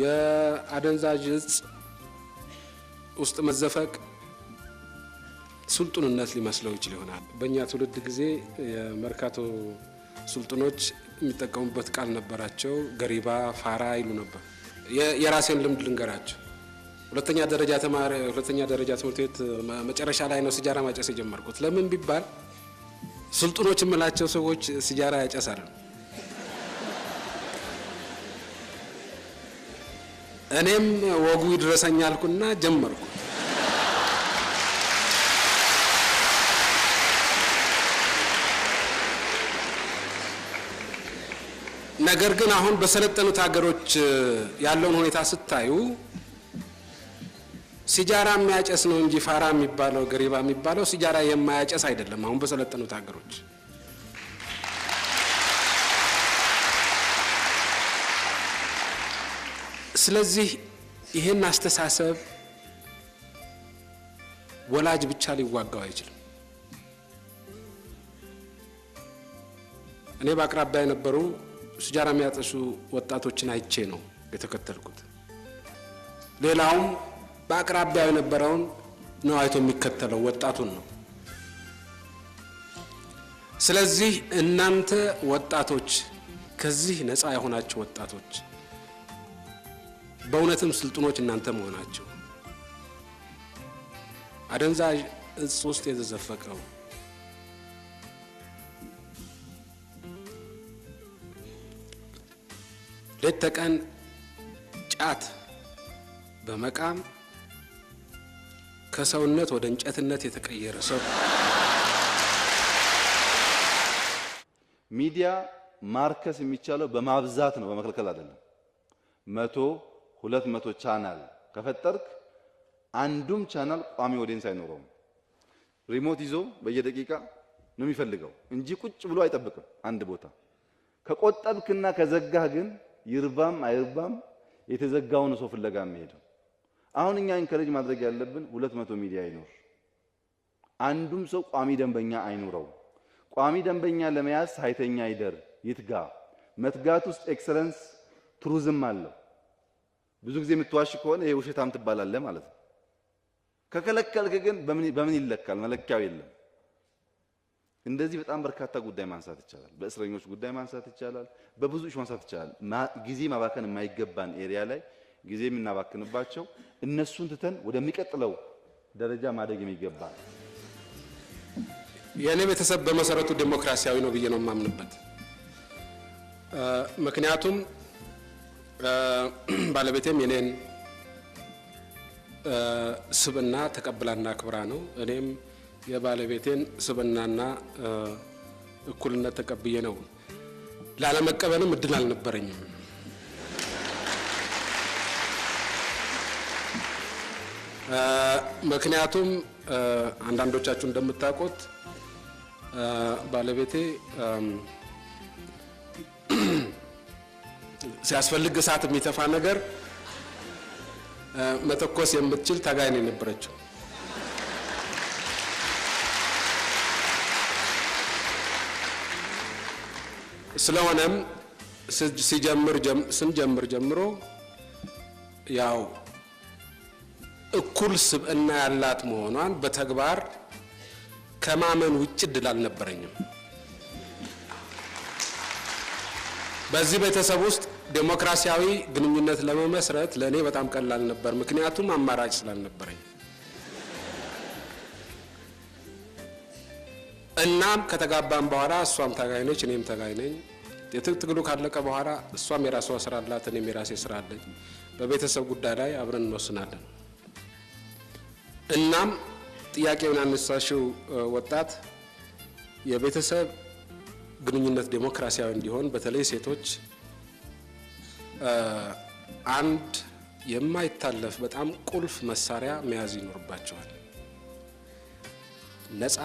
የአደንዛዥ እጽ ውስጥ መዘፈቅ ስልጡንነት ሊመስለው ይችል ይሆናል። በእኛ ትውልድ ጊዜ የመርካቶ ስልጡኖች የሚጠቀሙበት ቃል ነበራቸው። ገሪባ ፋራ ይሉ ነበር። የራሴን ልምድ ልንገራቸው። ሁለተኛ ደረጃ ተማሪ ሁለተኛ ደረጃ ትምህርት ቤት መጨረሻ ላይ ነው ሲጃራ ማጨስ የጀመርኩት። ለምን ቢባል ስልጡኖች የምላቸው ሰዎች ሲጃራ ያጨሳሉ። እኔም ወጉ ይድረሰኝ አልኩና ጀመርኩ። ነገር ግን አሁን በሰለጠኑት ሀገሮች ያለውን ሁኔታ ስታዩ ሲጃራ የሚያጨስ ነው እንጂ ፋራ የሚባለው ገሪባ የሚባለው ሲጃራ የማያጨስ አይደለም። አሁን በሰለጠኑት ሀገሮች ስለዚህ ይህን አስተሳሰብ ወላጅ ብቻ ሊዋጋው አይችልም። እኔ በአቅራቢያ የነበሩ ስጃራ የሚያጠሱ ወጣቶችን አይቼ ነው የተከተልኩት። ሌላውም በአቅራቢያው የነበረውን ነው አይቶ የሚከተለው ወጣቱን ነው። ስለዚህ እናንተ ወጣቶች ከዚህ ነፃ የሆናችሁ ወጣቶች በእውነትም ስልጡኖች እናንተ መሆናችሁ አደንዛዥ እጽ ውስጥ የተዘፈቀው ሌት ተቀን ጫት በመቃም ከሰውነት ወደ እንጨትነት የተቀየረ ሰው ሚዲያ ማርከስ የሚቻለው በማብዛት ነው፣ በመከልከል አይደለም። መቶ ሁለት መቶ ቻናል ከፈጠርክ አንዱም ቻናል ቋሚ ኦዲየንስ አይኖረውም። ሪሞት ይዞ በየደቂቃ ነው የሚፈልገው እንጂ ቁጭ ብሎ አይጠብቅም አንድ ቦታ። ከቆጠብክና ከዘጋህ ግን ይርባም አይርባም የተዘጋውን ሰው ፍለጋ የሚሄደው። አሁን እኛ ኢንከሬጅ ማድረግ ያለብን ሁለት መቶ ሚዲያ አይኖር፣ አንዱም ሰው ቋሚ ደንበኛ አይኑረው። ቋሚ ደንበኛ ለመያዝ ሳይተኛ ይደር፣ ይትጋ። መትጋት ውስጥ ኤክሰለንስ ቱሪዝም አለው። ብዙ ጊዜ የምትዋሽ ከሆነ ይሄ ውሸታም ትባላለ ማለት ነው። ከከለከልክ ግን በምን ይለካል? መለኪያው የለም። እንደዚህ በጣም በርካታ ጉዳይ ማንሳት ይቻላል። በእስረኞች ጉዳይ ማንሳት ይቻላል። በብዙ ሺህ ማንሳት ይቻላል። ጊዜ ማባከን የማይገባን ኤሪያ ላይ ጊዜ የምናባክንባቸው እነሱን ትተን ወደሚቀጥለው ደረጃ ማደግ የሚገባ የእኔ ቤተሰብ በመሰረቱ ዴሞክራሲያዊ ነው ብዬ ነው የማምንበት ምክንያቱም ባለቤቴም የኔን ስብና ተቀብላና ክብራ ነው። እኔም የባለቤቴን ስብናና እኩልነት ተቀብዬ ነው። ላለመቀበልም እድል አልነበረኝም። ምክንያቱም አንዳንዶቻችሁ እንደምታውቁት ባለቤቴ ሲያስፈልግ እሳት የሚተፋ ነገር መተኮስ የምትችል ታጋይ ነው የነበረችው። ስለሆነም ሲጀምር ስንጀምር ጀምሮ ያው እኩል ስብዕና ያላት መሆኗን በተግባር ከማመን ውጭ እድል አልነበረኝም። በዚህ ቤተሰብ ውስጥ ዴሞክራሲያዊ ግንኙነት ለመመስረት ለእኔ በጣም ቀላል ነበር፣ ምክንያቱም አማራጭ ስላልነበረኝ። እናም ከተጋባም በኋላ እሷም ታጋይ ነች፣ እኔም ታጋይ ነኝ። የትግሉ ካለቀ በኋላ እሷም የራሷ ስራ አላት፣ እኔም የራሴ ስራ አለኝ። በቤተሰብ ጉዳይ ላይ አብረን እንወስናለን። እናም ጥያቄውን ያነሳሽው ወጣት የቤተሰብ ግንኙነት ዴሞክራሲያዊ እንዲሆን በተለይ ሴቶች አንድ የማይታለፍ በጣም ቁልፍ መሳሪያ መያዝ ይኖርባቸዋል። ነፃ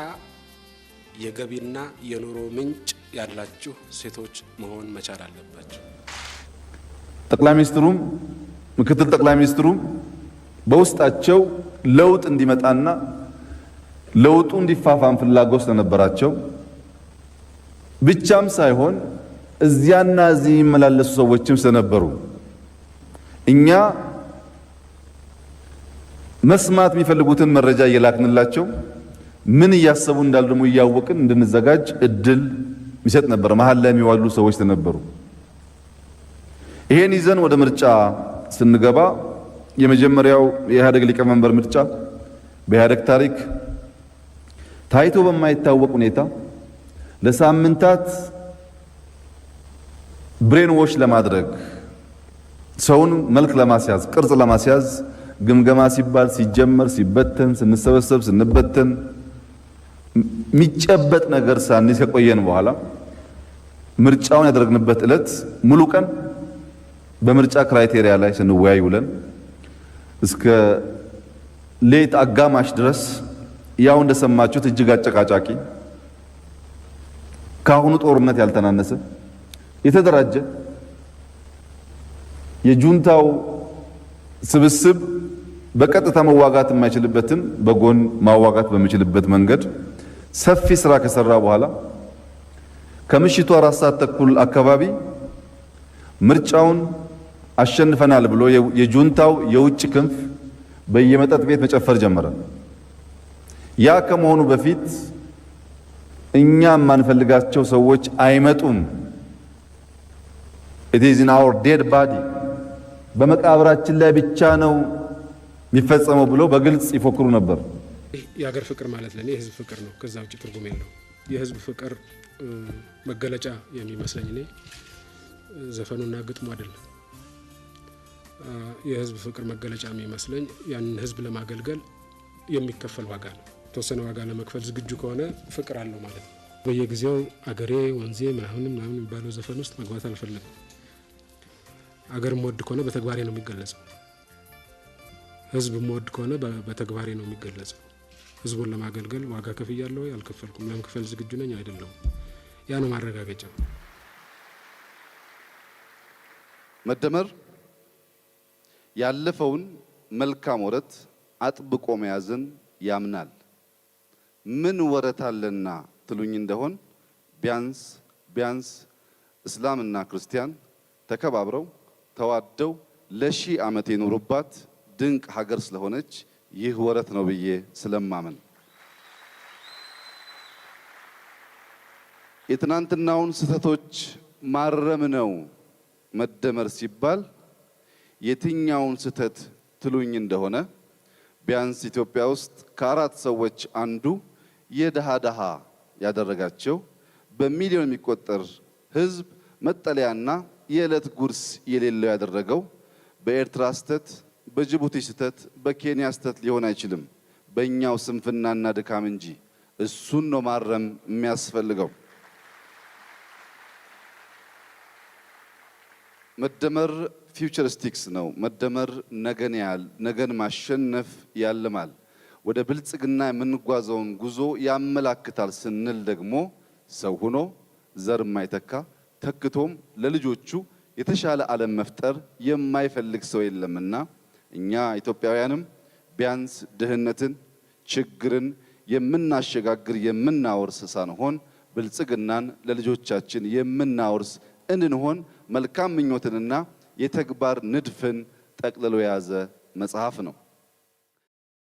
የገቢና የኑሮ ምንጭ ያላችሁ ሴቶች መሆን መቻል አለባቸው። ጠቅላይ ሚኒስትሩም ምክትል ጠቅላይ ሚኒስትሩም በውስጣቸው ለውጥ እንዲመጣና ለውጡ እንዲፋፋም ፍላጎት ስለነበራቸው ብቻም ሳይሆን እዚያና እዚህ የሚመላለሱ ሰዎችም ስለነበሩ እኛ መስማት የሚፈልጉትን መረጃ እየላክንላቸው ምን እያሰቡ እንዳሉ ደግሞ እያወቅን እንድንዘጋጅ እድል የሚሰጥ ነበር። መሀል ላይ የሚዋሉ ሰዎች ስለነበሩ ይሄን ይዘን ወደ ምርጫ ስንገባ የመጀመሪያው የኢህአደግ ሊቀመንበር ምርጫ በኢህአደግ ታሪክ ታይቶ በማይታወቅ ሁኔታ ለሳምንታት ብሬንዎሽ ለማድረግ ሰውን መልክ ለማስያዝ ቅርጽ ለማስያዝ ግምገማ ሲባል ሲጀመር ሲበተን ስንሰበሰብ ስንበተን የሚጨበጥ ነገር ሳንይዝ ከቆየን በኋላ ምርጫውን ያደረግንበት ዕለት ሙሉ ቀን በምርጫ ክራይቴሪያ ላይ ስንወያይ ውለን እስከ ሌት አጋማሽ ድረስ ያው እንደሰማችሁት እጅግ አጨቃጫቂ ከአሁኑ ጦርነት ያልተናነሰ የተደራጀ የጁንታው ስብስብ በቀጥታ መዋጋት የማይችልበትን በጎን ማዋጋት በሚችልበት መንገድ ሰፊ ስራ ከሰራ በኋላ ከምሽቱ አራት ሰዓት ተኩል አካባቢ ምርጫውን አሸንፈናል ብሎ የጁንታው የውጭ ክንፍ በየመጠጥ ቤት መጨፈር ጀመረ። ያ ከመሆኑ በፊት እኛ የማንፈልጋቸው ሰዎች አይመጡም it is in our dead body በመቃብራችን ላይ ብቻ ነው የሚፈጸመው ብሎ በግልጽ ይፎክሩ ነበር። የሀገር ፍቅር ማለት ለኔ የህዝብ ፍቅር ነው። ከዛ ውጭ ትርጉም የለው። የህዝብ ፍቅር መገለጫ የሚመስለኝ እኔ ዘፈኑና ግጥሙ አይደለም። የህዝብ ፍቅር መገለጫ የሚመስለኝ ያንን ህዝብ ለማገልገል የሚከፈል ዋጋ ነው። የተወሰነ ዋጋ ለመክፈል ዝግጁ ከሆነ ፍቅር አለው ማለት ነው። በየጊዜው አገሬ ወንዜ ምናምን ምናምን የሚባለው ዘፈን ውስጥ መግባት አልፈለግም። አገር ወድ ከሆነ በተግባሬ ነው የሚገለጸው። ህዝብ መወድ ከሆነ በተግባሬ ነው የሚገለጸው። ህዝቡን ለማገልገል ዋጋ ከፍያለሁ ወይ? አልከፈልኩም። ለመክፈል ዝግጁ ነኝ አይደለሁም? ያ ነው ማረጋገጫ። መደመር ያለፈውን መልካም ወረት አጥብቆ መያዝን ያምናል። ምን ወረት አለና ትሉኝ እንደሆን ቢያንስ ቢያንስ እስላምና ክርስቲያን ተከባብረው ተዋደው ለሺህ ዓመት የኖሩባት ድንቅ ሀገር ስለሆነች ይህ ወረት ነው ብዬ ስለማምን የትናንትናውን ስህተቶች ማረም ነው መደመር ሲባል የትኛውን ስህተት ትሉኝ እንደሆነ ቢያንስ ኢትዮጵያ ውስጥ ከአራት ሰዎች አንዱ የድሃ ድሃ ያደረጋቸው በሚሊዮን የሚቆጠር ሕዝብ መጠለያና የዕለት ጉርስ የሌለው ያደረገው በኤርትራ ስህተት፣ በጅቡቲ ስህተት፣ በኬንያ ስህተት ሊሆን አይችልም። በእኛው ስንፍናና ድካም እንጂ እሱን ነው ማረም የሚያስፈልገው። መደመር ፊውቸሪስቲክስ ነው። መደመር ነገን ያል ነገን ማሸነፍ ያልማል፣ ወደ ብልጽግና የምንጓዘውን ጉዞ ያመላክታል ስንል ደግሞ ሰው ሆኖ ዘር የማይተካ ተክቶም ለልጆቹ የተሻለ ዓለም መፍጠር የማይፈልግ ሰው የለምና እኛ ኢትዮጵያውያንም ቢያንስ ድህነትን፣ ችግርን የምናሸጋግር የምናወርስ ሳንሆን ብልጽግናን ለልጆቻችን የምናወርስ እንድንሆን መልካም ምኞትንና የተግባር ንድፍን ጠቅልሎ የያዘ መጽሐፍ ነው።